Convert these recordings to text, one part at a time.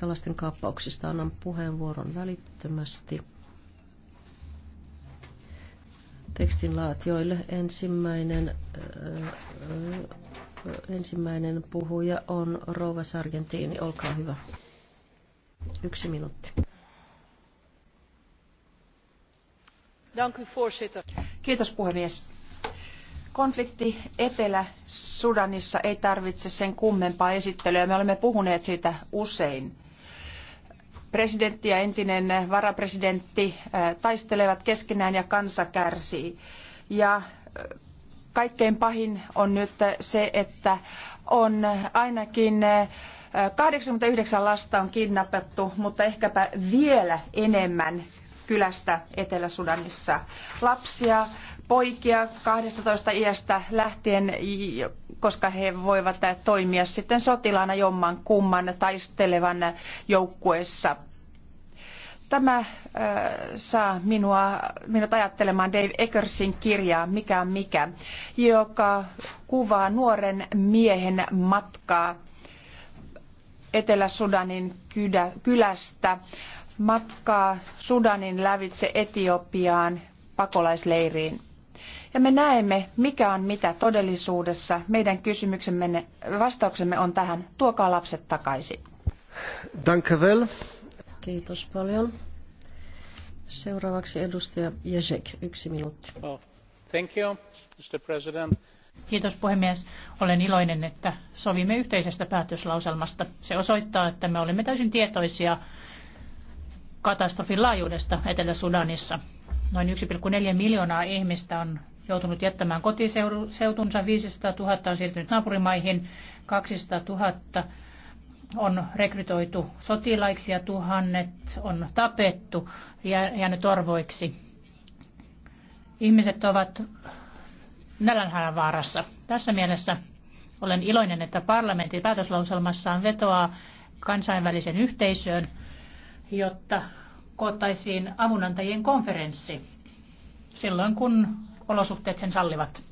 Salasten kaappauksista annan puheenvuoron välittömästi tekstinlaatioille. Ensimmäinen, öö, ensimmäinen puhuja on Rova Sargentini. Olkaa hyvä. Yksi minuutti. Kiitos puhemies. Konflikti Etelä-Sudanissa ei tarvitse sen kummempaa esittelyä. Me olemme puhuneet siitä usein Presidentti ja entinen varapresidentti äh, taistelevat keskenään ja kansa kärsii. Ja äh, kaikkein pahin on nyt se, että on ainakin 89 äh, lasta on kidnappattu, mutta ehkäpä vielä enemmän kylästä Etelä-Sudanissa. Lapsia, poikia 12 iästä lähtien, koska he voivat toimia sitten sotilaana jomman kumman taistelevan joukkueessa. Tämä äh, saa minua, minut ajattelemaan Dave Eckersin kirjaa Mikä on mikä, joka kuvaa nuoren miehen matkaa Etelä-Sudanin kylästä matkaa Sudanin lävitse Etiopiaan pakolaisleiriin. Ja me näemme, mikä on mitä todellisuudessa. Meidän kysymyksemme, vastauksemme on tähän. Tuokaa lapset takaisin. Danke well. Kiitos paljon. Seuraavaksi edustaja Jezek, yksi minuutti. Oh, thank you, Mr. President. Kiitos puhemies. Olen iloinen, että sovimme yhteisestä päätöslauselmasta. Se osoittaa, että me olemme täysin tietoisia katastrofin laajuudesta Etelä-Sudanissa. Noin 1,4 miljoonaa ihmistä on joutunut jättämään kotiseutunsa, 500 000 on siirtynyt naapurimaihin, 200 000 on rekrytoitu sotilaiksi ja tuhannet on tapettu ja jäänyt orvoiksi. Ihmiset ovat nälänhädän vaarassa. Tässä mielessä olen iloinen, että parlamentin päätöslauselmassaan vetoaa kansainvälisen yhteisöön, jotta koottaisiin avunantajien konferenssi silloin, kun olosuhteet sen sallivat.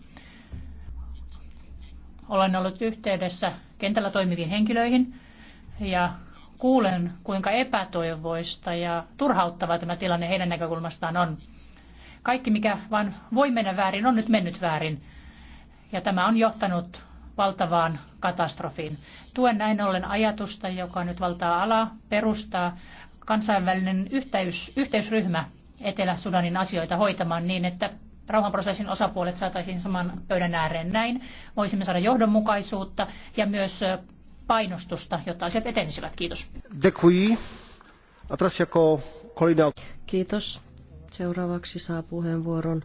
Olen ollut yhteydessä kentällä toimiviin henkilöihin ja kuulen, kuinka epätoivoista ja turhauttava tämä tilanne heidän näkökulmastaan on. Kaikki, mikä vain voi mennä väärin, on nyt mennyt väärin. Ja tämä on johtanut valtavaan katastrofiin. Tuen näin ollen ajatusta, joka nyt valtaa alaa, perustaa kansainvälinen yhteys, yhteysryhmä Etelä-Sudanin asioita hoitamaan niin, että rauhanprosessin osapuolet saataisiin saman pöydän ääreen näin. Voisimme saada johdonmukaisuutta ja myös painostusta, jotta asiat etenisivät. Kiitos. Kiitos. Seuraavaksi saa puheenvuoron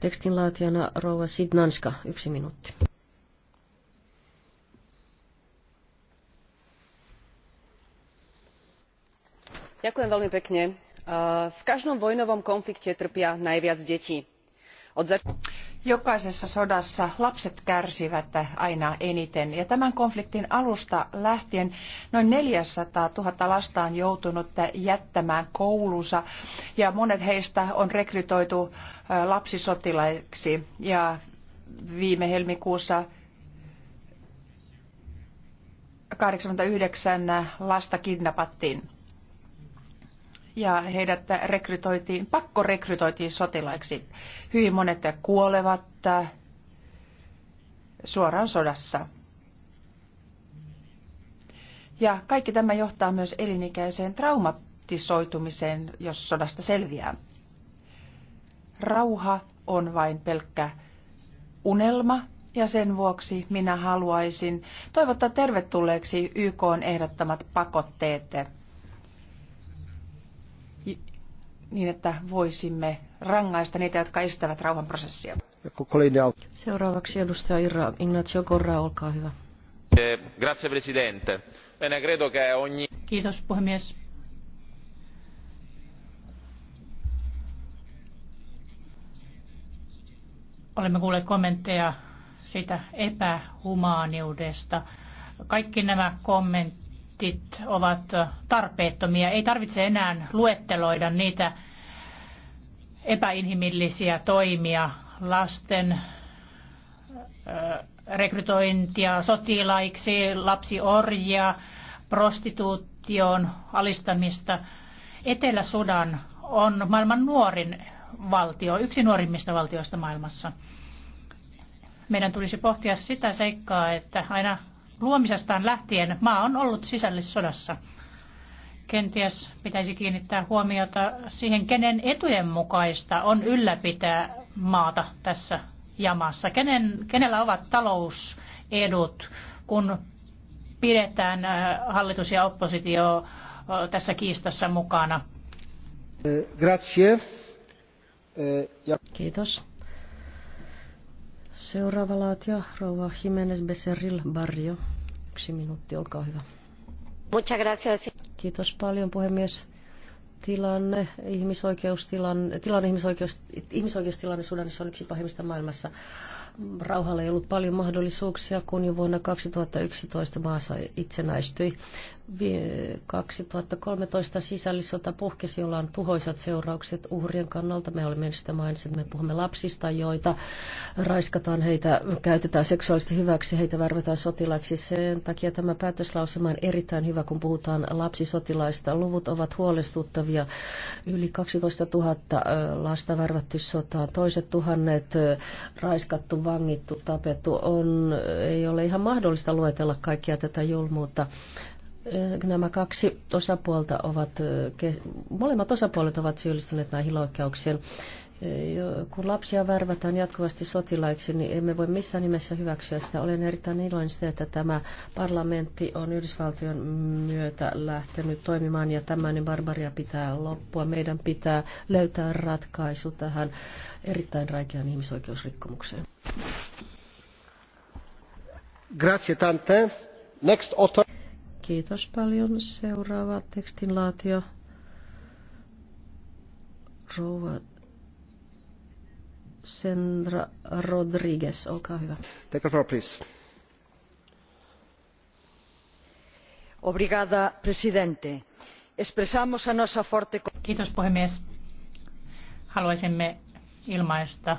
tekstinlaatijana Rouva Sidnanska. Yksi minuutti. Ďakujem veľmi pekne v každom vojnovom konflikte trpia najviac deti. Jokaisessa sodassa lapset kärsivät aina eniten ja tämän konfliktin alusta lähtien noin neljäsataa 000 lasta on joutunut jättämään koulunsa ja monet heistä on rekrytoitu lapsisotilaiksi ja viime helmikuussa 89 lasta kidnappattiin ja heidät rekrytoitiin, pakko rekrytoitiin sotilaiksi. Hyvin monet kuolevat äh, suoraan sodassa. Ja kaikki tämä johtaa myös elinikäiseen traumatisoitumiseen, jos sodasta selviää. Rauha on vain pelkkä unelma, ja sen vuoksi minä haluaisin toivottaa tervetulleeksi YK ehdottamat pakotteet niin, että voisimme rangaista niitä, jotka estävät rauhanprosessia. Seuraavaksi edustaja Irra Ignacio Corra, olkaa hyvä. Grazie Presidente. Bene, credo che ogni... Kiitos puhemies. Olemme kuulleet kommentteja siitä epähumaaniudesta. Kaikki nämä kommentit testit ovat tarpeettomia. Ei tarvitse enää luetteloida niitä epäinhimillisiä toimia, lasten rekrytointia sotilaiksi, lapsiorjia, prostituutioon alistamista. Etelä-Sudan on maailman nuorin valtio, yksi nuorimmista valtioista maailmassa. Meidän tulisi pohtia sitä seikkaa, että aina luomisestaan lähtien maa on ollut sisällissodassa. Kenties pitäisi kiinnittää huomiota siihen, kenen etujen mukaista on ylläpitää maata tässä jamassa. Kenen, kenellä ovat talousedut, kun pidetään äh, hallitus ja oppositio äh, tässä kiistassa mukana? Eh, grazie. Eh, Kiitos. Seuraava laatija, rouva Jiménez Becerril Barrio. Yksi minuutti, olkaa hyvä. Muchas gracias. Kiitos paljon puhemies tilanne, ihmisoikeustilanne, tilanne, ihmisoikeus, ihmisoikeustilanne Sudanissa on yksi pahimmista maailmassa. Rauhalla ei ollut paljon mahdollisuuksia, kun jo vuonna 2011 maassa itsenäistyi. 2013 sisällissota puhkesi, jolla on tuhoisat seuraukset uhrien kannalta. Me olemme sitä mainitsin, me puhumme lapsista, joita raiskataan, heitä käytetään seksuaalisesti hyväksi, heitä värvetään sotilaiksi. Sen takia tämä päätöslausema on erittäin hyvä, kun puhutaan lapsisotilaista. Luvut ovat huolestuttavia. Yli 12 000 lasta värvätty sotaan, toiset tuhannet raiskattu, vangittu, tapettu. On, ei ole ihan mahdollista luetella kaikkia tätä julmuutta nämä kaksi osapuolta ovat, molemmat osapuolet ovat syyllistyneet näihin loikkauksiin. Kun lapsia värvätään jatkuvasti sotilaiksi, niin emme voi missään nimessä hyväksyä sitä. Olen erittäin iloinen sitä, että tämä parlamentti on Yhdysvaltojen myötä lähtenyt toimimaan ja tämä niin barbaria pitää loppua. Meidän pitää löytää ratkaisu tähän erittäin räikeään ihmisoikeusrikkomukseen. Grazie tante. Next author. Kiitos paljon. Seuraava tekstin laatio. Rouva Sandra Rodriguez, olkaa hyvä. Take floor, please. Obrigada, presidente. Expresamos a nossa forte... Kiitos puhemies. Haluaisimme ilmaista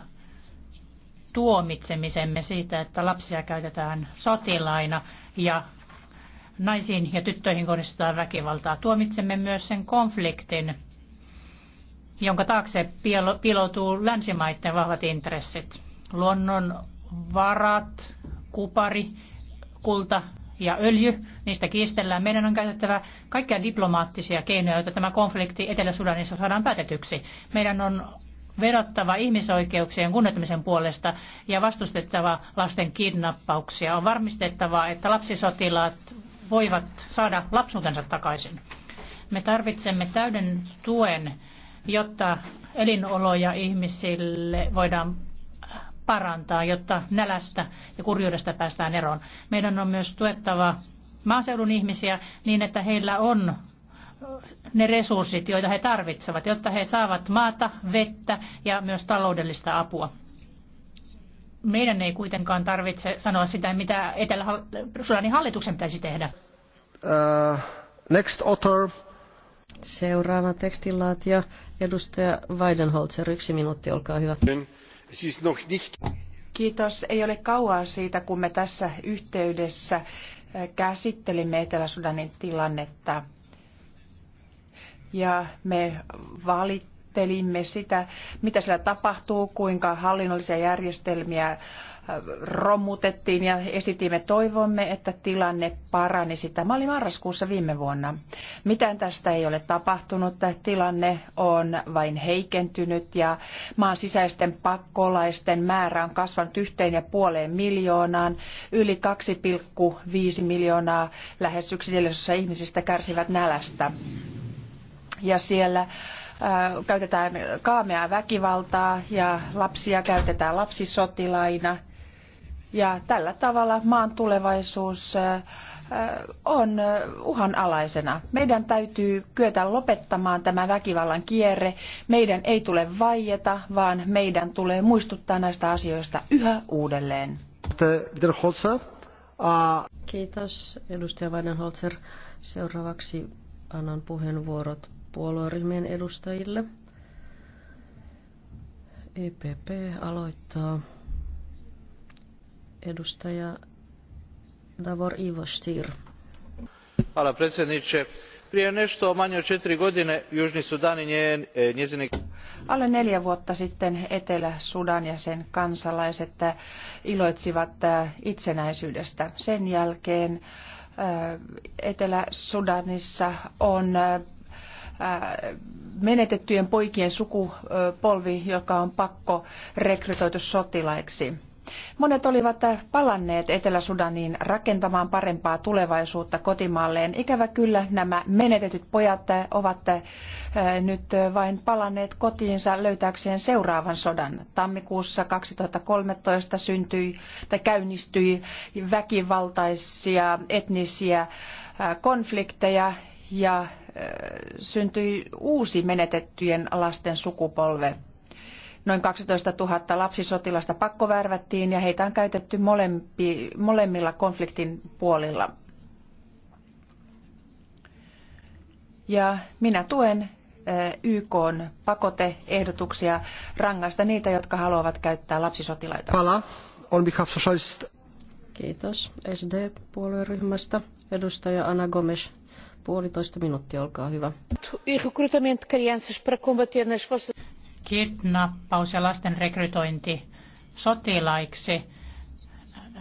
tuomitsemisemme siitä, että lapsia käytetään sotilaina ja naisiin ja tyttöihin kohdistetaan väkivaltaa. Tuomitsemme myös sen konfliktin, jonka taakse piiloutuu länsimaiden vahvat intressit. Luonnon varat, kupari, kulta ja öljy, niistä kiistellään. Meidän on käytettävä kaikkia diplomaattisia keinoja, joita tämä konflikti Etelä-Sudanissa saadaan päätetyksi. Meidän on vedottava ihmisoikeuksien kunnioittamisen puolesta ja vastustettava lasten kidnappauksia. On varmistettava, että lapsisotilaat voivat saada lapsuutensa takaisin. Me tarvitsemme täyden tuen, jotta elinoloja ihmisille voidaan parantaa, jotta nälästä ja kurjuudesta päästään eroon. Meidän on myös tuettava maaseudun ihmisiä niin, että heillä on ne resurssit, joita he tarvitsevat, jotta he saavat maata, vettä ja myös taloudellista apua meidän ei kuitenkaan tarvitse sanoa sitä, mitä Etelä-Sudanin hallituksen pitäisi tehdä. Uh, next author. Seuraava tekstinlaatija, edustaja Weidenholzer, yksi minuutti, olkaa hyvä. Kiitos. Ei ole kauaa siitä, kun me tässä yhteydessä eh, käsittelimme Etelä-Sudanin tilannetta. Ja me valittiin tarkastelimme sitä, mitä siellä tapahtuu, kuinka hallinnollisia järjestelmiä äh, romutettiin ja esitimme toivomme, että tilanne paranisi. Tämä oli marraskuussa viime vuonna. Mitään tästä ei ole tapahtunut. Tilanne on vain heikentynyt ja maan sisäisten pakkolaisten määrä on kasvanut yhteen ja puoleen miljoonaan. Yli 2,5 miljoonaa lähes yksi ihmisistä kärsivät nälästä. Ja siellä käytetään kaameaa väkivaltaa ja lapsia käytetään lapsisotilaina. Ja tällä tavalla maan tulevaisuus on uhanalaisena. Meidän täytyy kyetä lopettamaan tämä väkivallan kierre. Meidän ei tule vaieta, vaan meidän tulee muistuttaa näistä asioista yhä uudelleen. Kiitos, edustaja Weidenholzer. Seuraavaksi annan puheenvuorot puolueryhmien edustajille. EPP aloittaa edustaja Davor Ivo Stier. Hvala predsjedniče. Prije nešto manje od četiri godine Južni Sudan i e, njezine... Alle neljä vuotta sitten Etelä-Sudan ja sen kansalaiset e, iloitsivat e, itsenäisyydestä. Sen jälkeen Etelä-Sudanissa on menetettyjen poikien sukupolvi, joka on pakko rekrytoitu sotilaiksi. Monet olivat palanneet Etelä-Sudaniin rakentamaan parempaa tulevaisuutta kotimaalleen. Ikävä kyllä nämä menetetyt pojat ovat nyt vain palanneet kotiinsa löytääkseen seuraavan sodan. Tammikuussa 2013 syntyi tai käynnistyi väkivaltaisia etnisiä konflikteja ja syntyi uusi menetettyjen lasten sukupolve. Noin 12 000 lapsisotilasta pakkovärvättiin ja heitä on käytetty molempi, molemmilla konfliktin puolilla. Ja minä tuen eh, YK on pakoteehdotuksia rangaista niitä, jotka haluavat käyttää lapsisotilaita. Pala, on behalf socialist Kiitos SD-puolueryhmästä. Edustaja Ana Gomes, puolitoista minuuttia, olkaa hyvä. Kidnappaus ja lasten rekrytointi sotilaiksi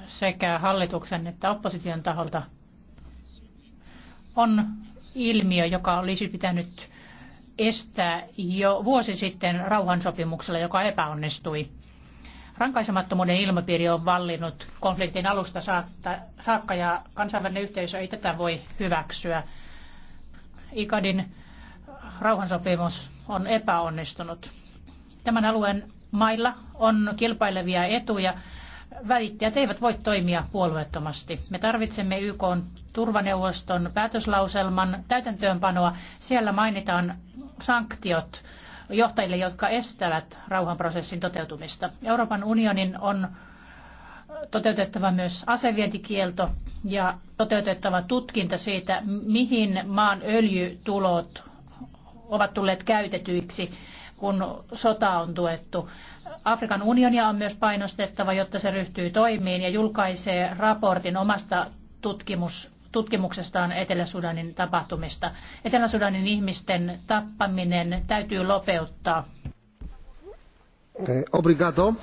sekä hallituksen että opposition taholta on ilmiö, joka olisi pitänyt estää jo vuosi sitten rauhansopimuksella, joka epäonnistui. Rankaisemattomuuden ilmapiiri on vallinnut konfliktin alusta saakka ja kansainvälinen yhteisö ei tätä voi hyväksyä. Ikadin rauhansopimus on epäonnistunut. Tämän alueen mailla on kilpailevia etuja. Välittäjät eivät voi toimia puolueettomasti. Me tarvitsemme YK turvaneuvoston päätöslauselman täytäntöönpanoa. Siellä mainitaan sanktiot johtajille, jotka estävät rauhanprosessin toteutumista. Euroopan unionin on toteutettava myös asevientikielto ja toteutettava tutkinta siitä, mihin maan öljytulot ovat tulleet käytetyiksi, kun sota on tuettu. Afrikan unionia on myös painostettava, jotta se ryhtyy toimiin ja julkaisee raportin omasta tutkimus tutkimuksestaan Etelä-Sudanin tapahtumista. Etelä-Sudanin ihmisten tappaminen täytyy lopeuttaa. Eh, obrigado.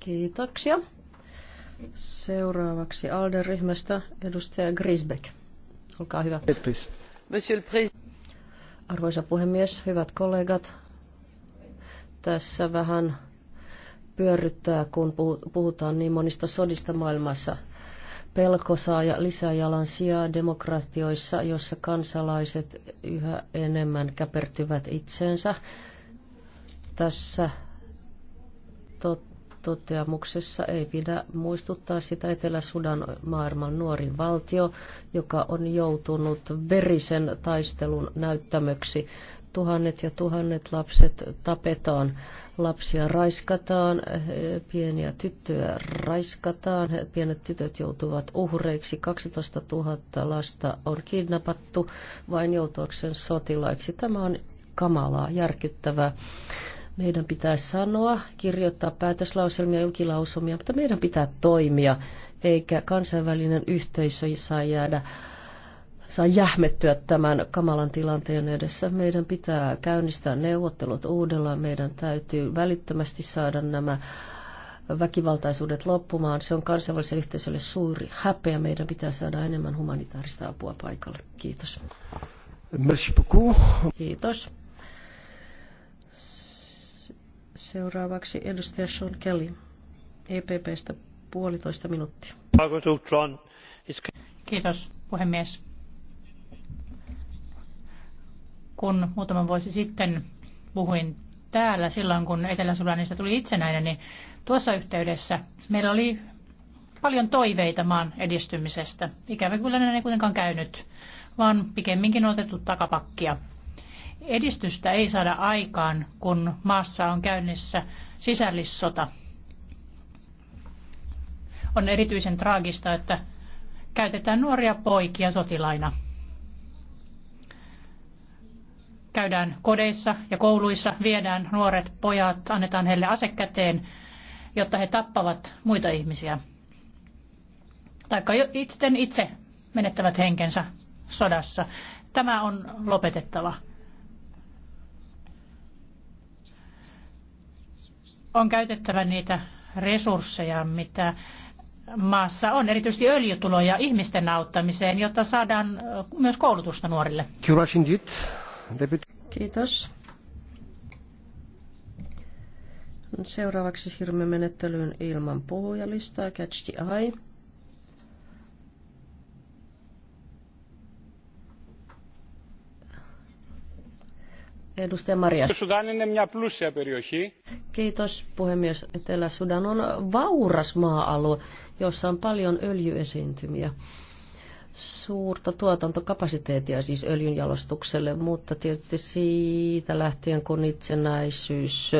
Kiitoksia. Seuraavaksi ALDE-ryhmästä edustaja Grisbeck. Olkaa hyvä. Arvoisa puhemies, hyvät kollegat. Tässä vähän pyörryttää, kun puhutaan niin monista sodista maailmassa – pelko saa lisäjalan sijaa demokratioissa, jossa kansalaiset yhä enemmän käpertyvät itseensä. Tässä totta toteamuksessa ei pidä muistuttaa sitä Etelä-Sudan maailman nuorin valtio, joka on joutunut verisen taistelun näyttämöksi tuhannet ja tuhannet lapset tapetaan, lapsia raiskataan, pieniä tyttöjä raiskataan, pienet tytöt joutuvat uhreiksi, 12 000 lasta on kidnappattu vain joutuakseen sotilaiksi. Tämä on kamalaa, järkyttävää. Meidän pitää sanoa, kirjoittaa päätöslauselmia, julkilausumia, mutta meidän pitää toimia, eikä kansainvälinen yhteisö saa jäädä saa jähmettyä tämän kamalan tilanteen edessä. Meidän pitää käynnistää neuvottelut uudellaan. Meidän täytyy välittömästi saada nämä väkivaltaisuudet loppumaan. Se on kansainväliselle yhteisölle suuri häpeä. Meidän pitää saada enemmän humanitaarista apua paikalle. Kiitos. Merci beaucoup. Kiitos. Seuraavaksi edustaja Sean Kelly, EPPstä puolitoista minuuttia. Kiitos puhemies. Kun muutama vuosi sitten puhuin täällä silloin, kun Etelä-Sudanista tuli itsenäinen, niin tuossa yhteydessä meillä oli paljon toiveita maan edistymisestä. Ikävä kyllä ne ei kuitenkaan käynyt, vaan pikemminkin on otettu takapakkia. Edistystä ei saada aikaan, kun maassa on käynnissä sisällissota. On erityisen traagista, että käytetään nuoria poikia sotilaina – käydään kodeissa ja kouluissa, viedään nuoret pojat, annetaan heille asekäteen, jotta he tappavat muita ihmisiä. Taikka itse, itse menettävät henkensä sodassa. Tämä on lopetettava. On käytettävä niitä resursseja, mitä maassa on, erityisesti öljytuloja ihmisten auttamiseen, jotta saadaan myös koulutusta nuorille. Kiitos. Seuraavaksi siirrymme menettelyyn ilman puhujalistaa. Catch the eye. Edustaja Maria. Kiitos puhemies. Etelä-Sudan on vauras maa-alue, jossa on paljon öljyesiintymiä suurta tuotantokapasiteettia siis öljynjalostukselle, mutta tietysti siitä lähtien, kun itsenäisyys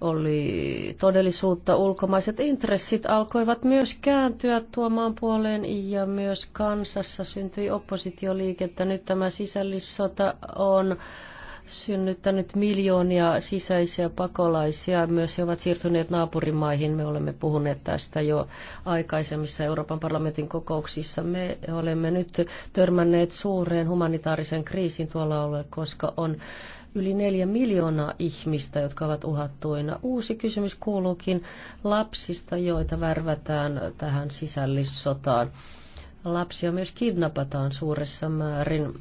oli todellisuutta, ulkomaiset intressit alkoivat myös kääntyä tuomaan puoleen ja myös kansassa syntyi oppositioliikettä. Nyt tämä sisällissota on synnyttänyt miljoonia sisäisiä pakolaisia. Myös he ovat siirtyneet naapurimaihin. Me olemme puhuneet tästä jo aikaisemmissa Euroopan parlamentin kokouksissa. Me olemme nyt törmänneet suureen humanitaarisen kriisin tuolla alueella, koska on yli neljä miljoonaa ihmistä, jotka ovat uhattuina. Uusi kysymys kuuluukin lapsista, joita värvätään tähän sisällissotaan. Lapsia myös kidnapataan suuressa määrin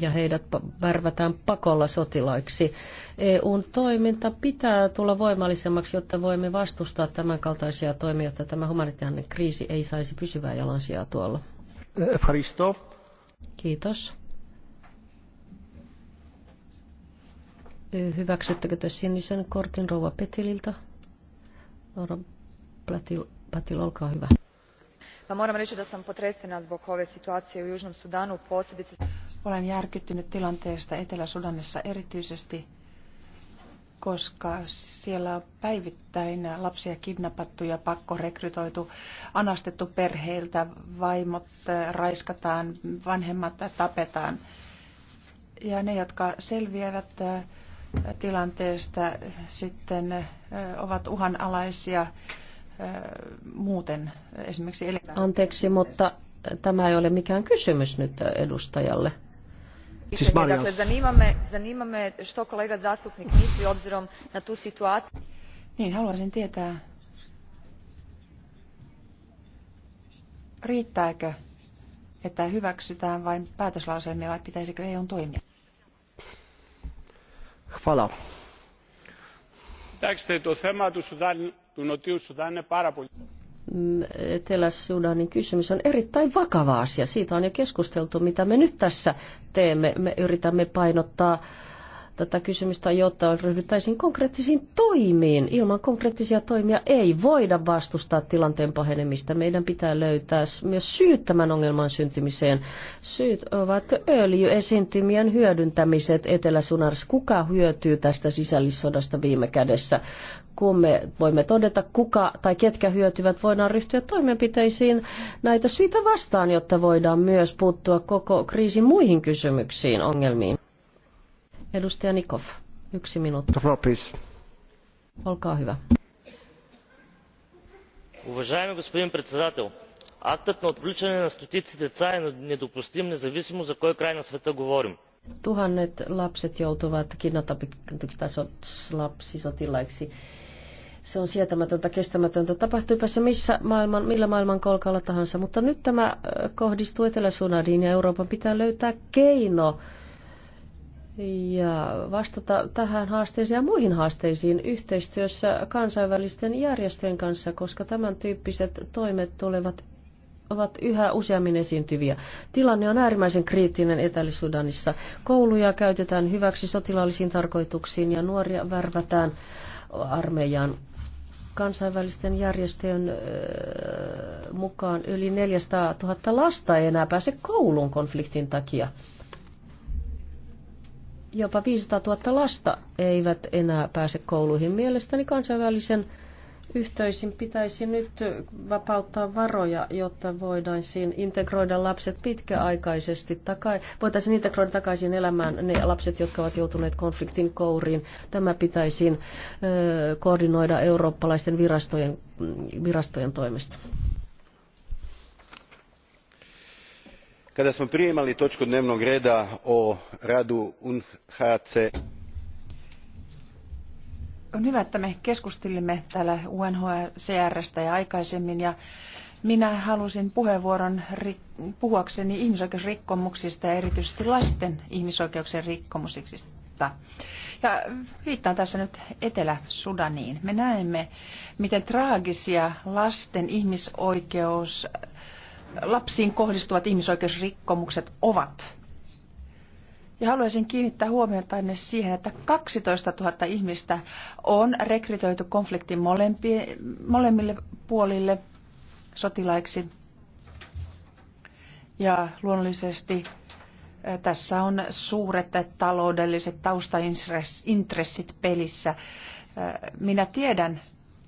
ja heidät värvätään pakolla sotilaiksi. EUn toiminta pitää tulla voimallisemmaksi, jotta voimme vastustaa tämän kaltaisia toimia, jotta tämä humanitaarinen kriisi ei saisi pysyvää jalansijaa tuolla. Faristo. Kiitos. Hyväksyttekö te sinisen kortin rouva Petililtä? Platil, Patil, olkaa hyvä. Pa moram reći da sam potresena zbog ove situacije u Južnom Sudanu, posebice... Olen järkyttynyt tilanteesta Etelä-Sudanissa erityisesti, koska siellä on päivittäin lapsia kidnappattu ja pakkorekrytoitu, anastettu perheiltä, vaimot eh, raiskataan, vanhemmat tapetaan. Ja ne, jotka selviävät eh, tilanteesta, sitten eh, ovat uhanalaisia muuten esimerkiksi Anteeksi, mutta tämä ei ole mikään kysymys nyt edustajalle dakle, zanima me, što kollega zastupnik misli obzirom na tu situaciju. Niin, riittääkö, että hyväksytään vain päätöslauselmia vai pitäisikö EUn toimia? Etelä-Sudanin kysymys on erittäin vakava asia. Siitä on jo keskusteltu, mitä me nyt tässä teemme. Me yritämme painottaa tätä kysymystä, jotta ryhdyttäisiin konkreettisiin toimiin. Ilman konkreettisia toimia ei voida vastustaa tilanteen pahenemista. Meidän pitää löytää myös syyt tämän ongelman syntymiseen. Syyt ovat öljyesiintymien hyödyntämiset Etelä-Sunars. Kuka hyötyy tästä sisällissodasta viime kädessä? kun me voimme todeta, kuka tai ketkä hyötyvät, voidaan ryhtyä toimenpiteisiin näitä syitä vastaan, jotta voidaan myös puuttua koko kriisin muihin kysymyksiin, ongelmiin. Edustaja Nikov, yksi minuutti. Olkaa hyvä. Уважаеми господин председател, актът на отвличане на стотици деца е недопустим, независимо за кой край на света говорим. Tuhannet lapset joutuvat kidnappiksi se on sietämätöntä, kestämätöntä. Tapahtuipa se missä maailman, millä maailman kolkalla tahansa. Mutta nyt tämä äh, kohdistuu Etelä-Sunadiin ja Euroopan pitää löytää keino ja vastata tähän haasteeseen ja muihin haasteisiin yhteistyössä kansainvälisten järjestöjen kanssa, koska tämän tyyppiset toimet tulevat ovat yhä useammin esiintyviä. Tilanne on äärimmäisen kriittinen Etelä-Sudanissa. Kouluja käytetään hyväksi sotilaallisiin tarkoituksiin ja nuoria värvätään armeijaan. Kansainvälisten järjestöjen mukaan yli 400 000 lasta ei enää pääse kouluun konfliktin takia jopa 500 000 lasta eivät enää pääse kouluihin. Mielestäni kansainvälisen yhteisin pitäisi nyt vapauttaa varoja, jotta voidaan integroida lapset pitkäaikaisesti takai, voitaisiin integroida takaisin elämään ne lapset, jotka ovat joutuneet konfliktin kouriin. Tämä pitäisi koordinoida eurooppalaisten virastojen, virastojen toimesta. kada smo prije imali točku dnevnog reda o radu unhcr on hyvä että me keskustelimme täällä unhcrstä ja aikaisemmin ja minä halusin puheenvuoron puhuakseni ihmisoikeusrikkomuksista ja erityisesti lasten ihmisoikeuksien rikkomuksista. Ja viittaan tässä nyt Etelä-Sudaniin. Me näemme, miten traagisia lasten ihmisoikeus lapsiin kohdistuvat ihmisoikeusrikkomukset ovat. Ja haluaisin kiinnittää huomiota siihen, että 12 000 ihmistä on rekrytoitu konfliktin molemmille puolille sotilaiksi. Ja luonnollisesti tässä on suuret taloudelliset taustaintressit pelissä. Minä tiedän,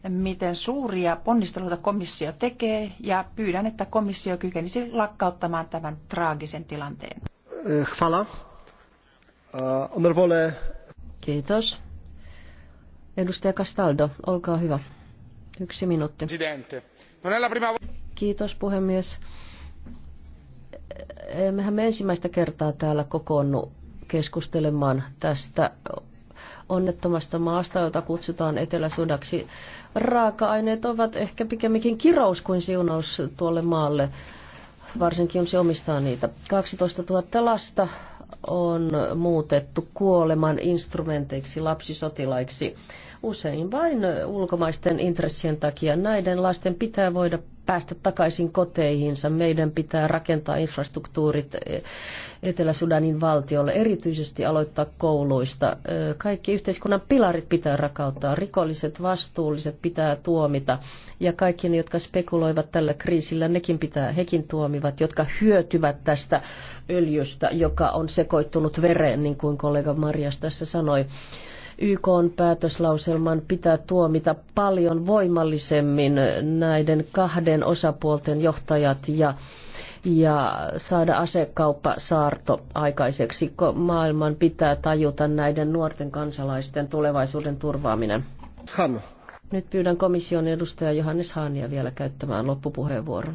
miten suuria ponnisteluita komissio tekee ja pyydän, että komissio kykenisi lakkauttamaan tämän traagisen tilanteen. Eh, hvala. Eh, Kiitos. Edustaja Castaldo, olkaa hyvä. Yksi minuutti. Kiitos puhemies. Eh, Mehän me ensimmäistä kertaa täällä kokoonnu keskustelemaan tästä onnettomasta maasta, jota kutsutaan Etelä-Sudaksi. Raaka-aineet ovat ehkä pikemminkin kirous kuin siunaus tuolle maalle, varsinkin se omistaa niitä. 12 000 lasta on muutettu kuoleman instrumenteiksi, lapsisotilaiksi usein vain ulkomaisten intressien takia. Näiden lasten pitää voida päästä takaisin koteihinsa. Meidän pitää rakentaa infrastruktuurit e, Etelä-Sudanin valtiolle, erityisesti aloittaa kouluista. E, kaikki yhteiskunnan pilarit pitää rakauttaa, rikolliset, vastuulliset pitää tuomita ja kaikki ne, jotka spekuloivat tällä kriisillä, nekin pitää, hekin tuomivat, jotka hyötyvät tästä öljystä, joka on sekoittunut vereen, niin kuin kollega Marjas tässä sanoi. YK on päätöslauselman pitää tuomita paljon voimallisemmin näiden kahden osapuolten johtajat ja ja saada asekauppa saarto aikaiseksi. Maailman pitää tajuta näiden nuorten kansalaisten tulevaisuuden turvaaminen. Han. Nyt pyydän komission edustaja Johannes Haania vielä käyttämään loppupuheenvuoron.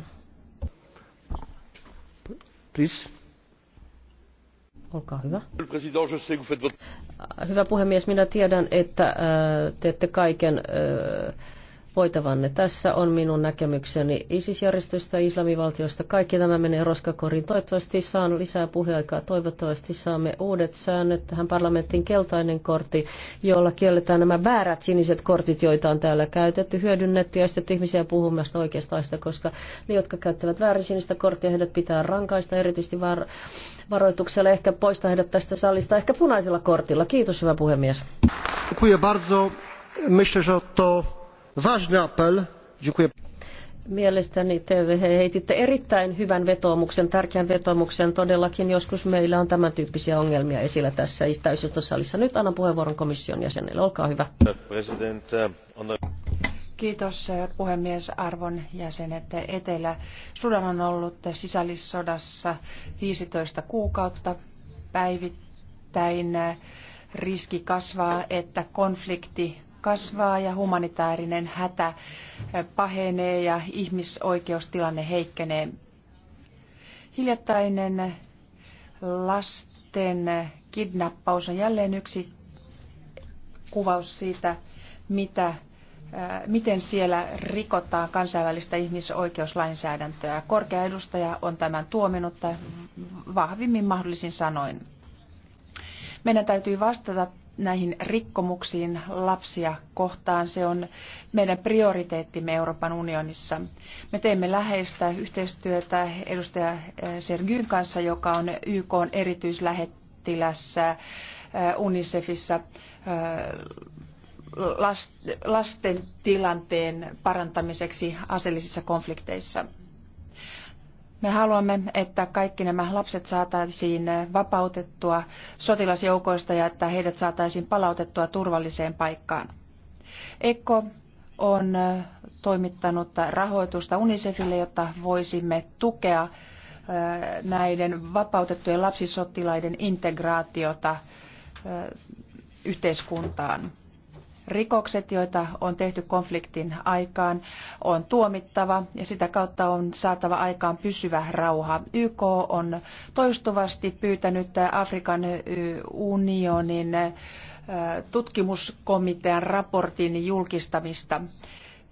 Please. Olkaa hyvä. Hyvä puhemies, minä tiedän, että äh, teette kaiken äh, voitavanne. Tässä on minun näkemykseni ISIS-järjestöstä, islamivaltiosta. Kaikki tämä menee roskakoriin. Toivottavasti saan lisää puheaikaa. Toivottavasti saamme uudet säännöt tähän parlamentin keltainen kortti, jolla kielletään nämä väärät siniset kortit, joita on täällä käytetty, hyödynnetty ja sitten ihmisiä puhumasta oikeasta aista, koska ne, jotka käyttävät väärin sinistä korttia, heidät pitää rankaista erityisesti var- varoituksella. Ehkä poistaa heidät tästä salista, ehkä punaisella kortilla. Kiitos, hyvä puhemies. Dziękuję bardzo. Myślę, że to ważny apel. Dziękuję. Mielestäni te heititte erittäin hyvän vetoomuksen, tärkeän vetoomuksen. Todellakin joskus meillä on tämän tyyppisiä ongelmia esillä tässä täysistuntosalissa. Nyt annan puheenvuoron komission jäsenelle. Olkaa hyvä. Uh, Kiitos uh, puhemies arvon jäsenet. Etelä-Sudan on ollut sisällissodassa 15 kuukautta päivittäin. Riski kasvaa, että konflikti kasvaa ja humanitaarinen hätä pahenee ja ihmisoikeustilanne heikkenee. Hiljattainen lasten kidnappaus on jälleen yksi kuvaus siitä, mitä, äh, miten siellä rikotaan kansainvälistä ihmisoikeuslainsäädäntöä. Korkea edustaja on tämän tuominut äh, vahvimmin mahdollisin sanoin. Meidän täytyy vastata näihin rikkomuksiin lapsia kohtaan. Se on meidän prioriteettimme Euroopan unionissa. Me teemme läheistä yhteistyötä edustaja eh, Sergyn kanssa, joka on YK on erityislähettilässä eh, UNICEFissa eh, lasten tilanteen parantamiseksi aseellisissa konflikteissa. Me haluamme, että kaikki nämä lapset saataisiin vapautettua sotilasjoukoista ja että heidät saataisiin palautettua turvalliseen paikkaan. ECO on toimittanut rahoitusta UNICEFille, jotta voisimme tukea näiden vapautettujen lapsisotilaiden integraatiota yhteiskuntaan. Rikokset, joita on tehty konfliktin aikaan, on tuomittava ja sitä kautta on saatava aikaan pysyvä rauha. YK on toistuvasti pyytänyt Afrikan unionin tutkimuskomitean raportin julkistamista.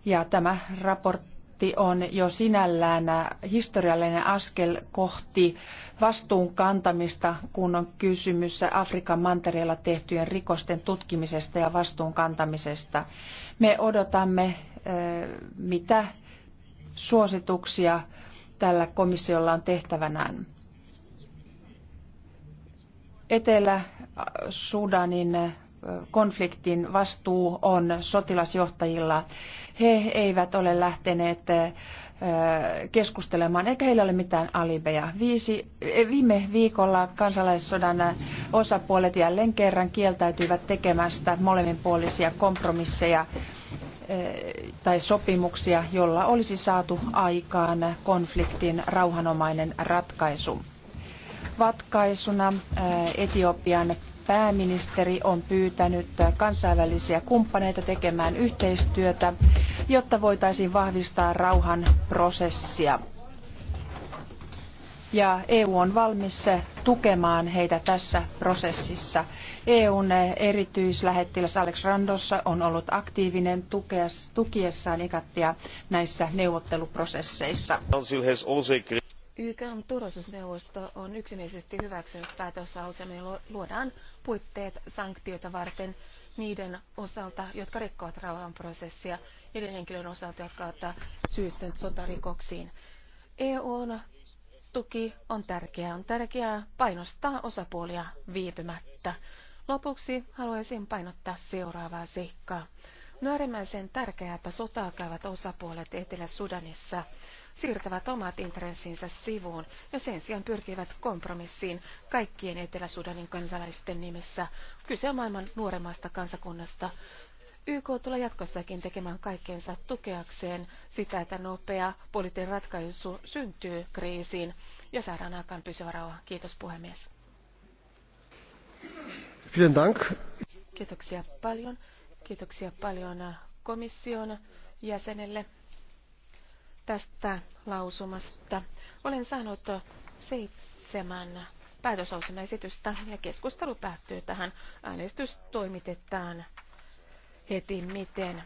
Ja tämä raportti raportti on jo sinällään historiallinen askel kohti vastuun kantamista, kun on kysymys Afrikan mantereella tehtyjen rikosten tutkimisesta ja vastuun kantamisesta. Me odotamme, mitä suosituksia tällä komissiolla on tehtävänään. Etelä-Sudanin konfliktin vastuu on sotilasjohtajilla. He eivät ole lähteneet keskustelemaan, eikä heillä ole mitään alibeja. Viisi, eh, viime viikolla kansalaissodan osapuolet jälleen kerran kieltäytyivät tekemästä molemminpuolisia kompromisseja eh, tai sopimuksia, jolla olisi saatu aikaan konfliktin rauhanomainen ratkaisu. Vatkaisuna eh, Etiopian pääministeri on pyytänyt kansainvälisiä kumppaneita tekemään yhteistyötä, jotta voitaisiin vahvistaa rauhanprosessia. Ja EU on valmis tukemaan heitä tässä prosessissa. EUn erityislähettiläs Alex Randossa on ollut aktiivinen tukiessaan Egattia näissä neuvotteluprosesseissa. YKn turvallisuusneuvosto on yksimielisesti hyväksynyt päätöslauselman, jolla luodaan puitteet sanktioita varten niiden osalta, jotka rikkovat rauhanprosessia, niiden henkilön osalta, jotka ovat syystä sotarikoksiin. EUn tuki on tärkeää. On tärkeää painostaa osapuolia viipymättä. Lopuksi haluaisin painottaa seuraavaa seikkaa. On äärimmäisen tärkeää, että sotaa käyvät osapuolet Etelä-Sudanissa siirtävät omat intressinsä sivuun ja sen sijaan pyrkivät kompromissiin kaikkien Etelä-Sudanin kansalaisten nimessä. Kyse on maailman nuoremmasta kansakunnasta. YK tulee jatkossakin tekemään kaikkeensa tukeakseen sitä, että nopea poliittinen ratkaisu syntyy kriisiin ja saadaan aikaan pysyvä rauha. Kiitos puhemies. Kiitoksia paljon. Kiitoksia paljon komission jäsenelle tästä lausumasta. Olen saanut seitsemän päätöslausumaesitystä ja keskustelu päättyy tähän. Äänestys toimitetaan heti miten.